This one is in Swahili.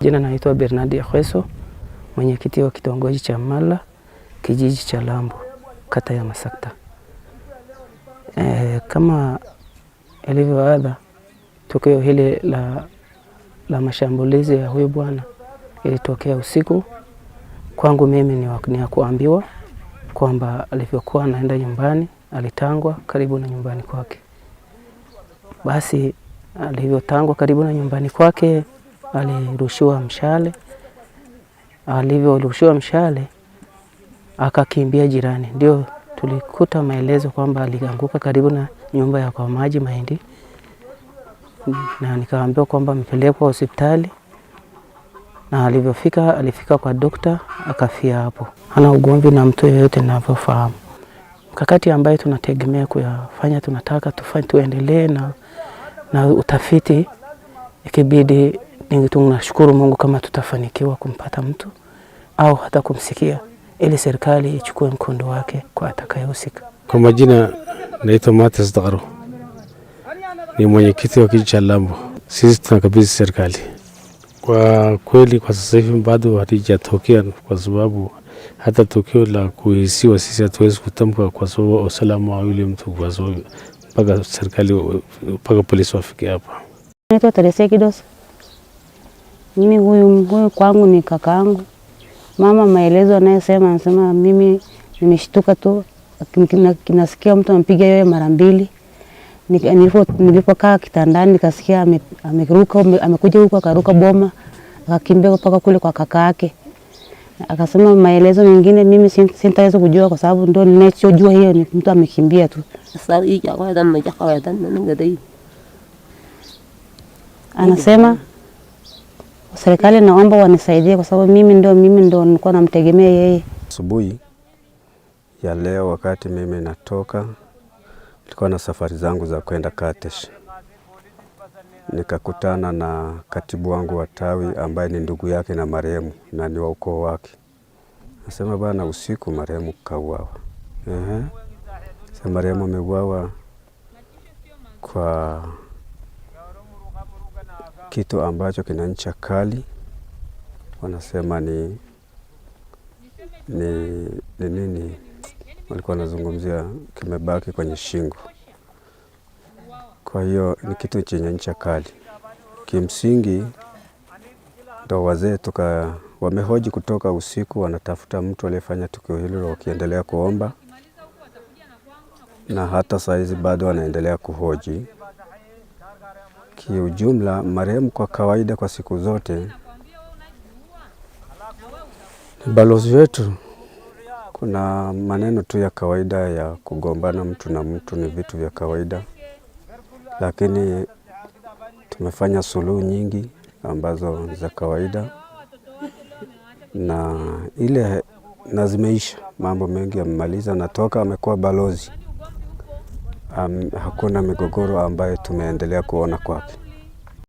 Jina naitwa Bernard Yakweso, mwenyekiti wa kitongoji cha Mala, kijiji cha Lambo, kata ya Masakta. E, kama ilivyoadha, tukio hili la, la mashambulizi ya huyu bwana ilitokea usiku. Kwangu mimi ni ya kuambiwa kwamba alivyokuwa anaenda nyumbani alitangwa karibu na nyumbani kwake. Basi alivyotangwa karibu na nyumbani kwake alirushiwa mshale. Alivyorushiwa mshale akakimbia jirani, ndio tulikuta maelezo kwamba alianguka karibu na nyumba ya kwa maji Mahindi, na nikaambiwa kwamba amepelekwa hospitali na alivyofika alifika kwa dokta akafia hapo. Hana ugomvi na mtu yeyote ninavyofahamu. Mkakati ambaye tunategemea kuyafanya, tunataka tufanye tuendelee na, na utafiti ikibidi Mingi tunashukuru Mungu kama tutafanikiwa kumpata mtu au hata kumsikia, ili serikali ichukue mkondo wake kwa atakayehusika. Kwa majina naitwa Mathias Dagaro, ni mwenyekiti wa kijiji cha Lambo. Sisi tunakabidhi serikali kwa kweli, kwa sasa hivi bado hatijatokea, kwa sababu hata tukio la kuhisiwa sisi hatuwezi kutamka kwa sababu usalama wa yule mtu, kwa sababu mpaka serikali mpaka polisi wafike hapa. Naitwa Teresia Kidosa mimi huyu, huyu kwangu ni kakaangu. Mama maelezo anayesema anasema, mimi nimeshtuka tu, nasikia mtu ampiga yeye mara mbili. Nilipokaa kitandani nikasikia ameruka, amekuja huko akaruka boma, akakimbia mpaka kule kwa kaka yake. Akasema maelezo mengine mimi sintaweza kujua, kwa sababu ndo ninachojua hiyo ni mtu amekimbia tu. Anasema serikali naomba wanisaidie, kwa sababu mimi ndio mimi ndio nilikuwa namtegemea yeye. Asubuhi ya leo wakati mimi natoka, nilikuwa na safari zangu za kwenda Katesh, nikakutana na katibu wangu wa tawi ambaye ni ndugu yake na marehemu na ni wa ukoo wake. Nasema bana, usiku marehemu kauawa. Ehe, sasa marehemu ameuawa kwa kitu ambacho kina ncha kali, wanasema ni ni ni nini, walikuwa wanazungumzia kimebaki kwenye shingo. Kwa hiyo ni kitu chenye ncha kali kimsingi, ndo wazee tuka wamehoji kutoka usiku, wanatafuta mtu aliyefanya tukio hilo, wakiendelea kuomba na hata sahizi bado wanaendelea kuhoji. Kiujumla, marehemu kwa kawaida, kwa siku zote ni balozi wetu. Kuna maneno tu ya kawaida ya kugombana mtu na mtu, ni vitu vya kawaida, lakini tumefanya suluhu nyingi ambazo za kawaida na ile na zimeisha, mambo mengi yamemaliza, na toka amekuwa balozi um, hakuna migogoro ambayo tumeendelea kuona kwake.